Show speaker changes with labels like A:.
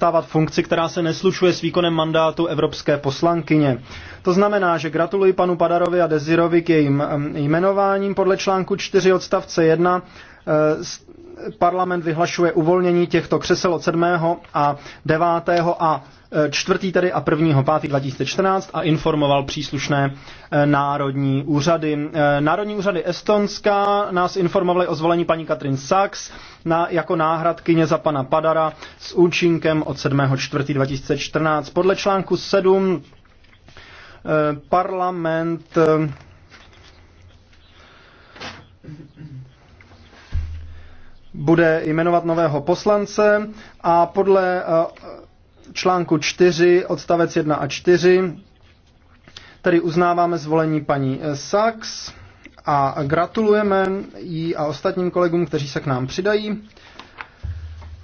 A: zastávat funkci, která se neslušuje s výkonem mandátu evropské poslankyně. To znamená, že gratuluji panu Padarovi a Dezirovi k jejím jmenováním podle článku 4 odstavce 1 parlament vyhlašuje uvolnění těchto křesel od 7. a 9. a 4. E, tedy a 1. 5. 2014 a informoval příslušné e, národní úřady. E, národní úřady Estonska nás informovaly o zvolení paní Katrin Sachs na, jako náhradkyně za pana Padara s účinkem od 7. 4. 2014. Podle článku 7 parlament bude jmenovat nového poslance a podle eh, článku 4 odstavec 1 a 4 tedy uznáváme zvolení paní eh, Sachs a gratulujeme jí a ostatním kolegům, kteří se k nám přidají.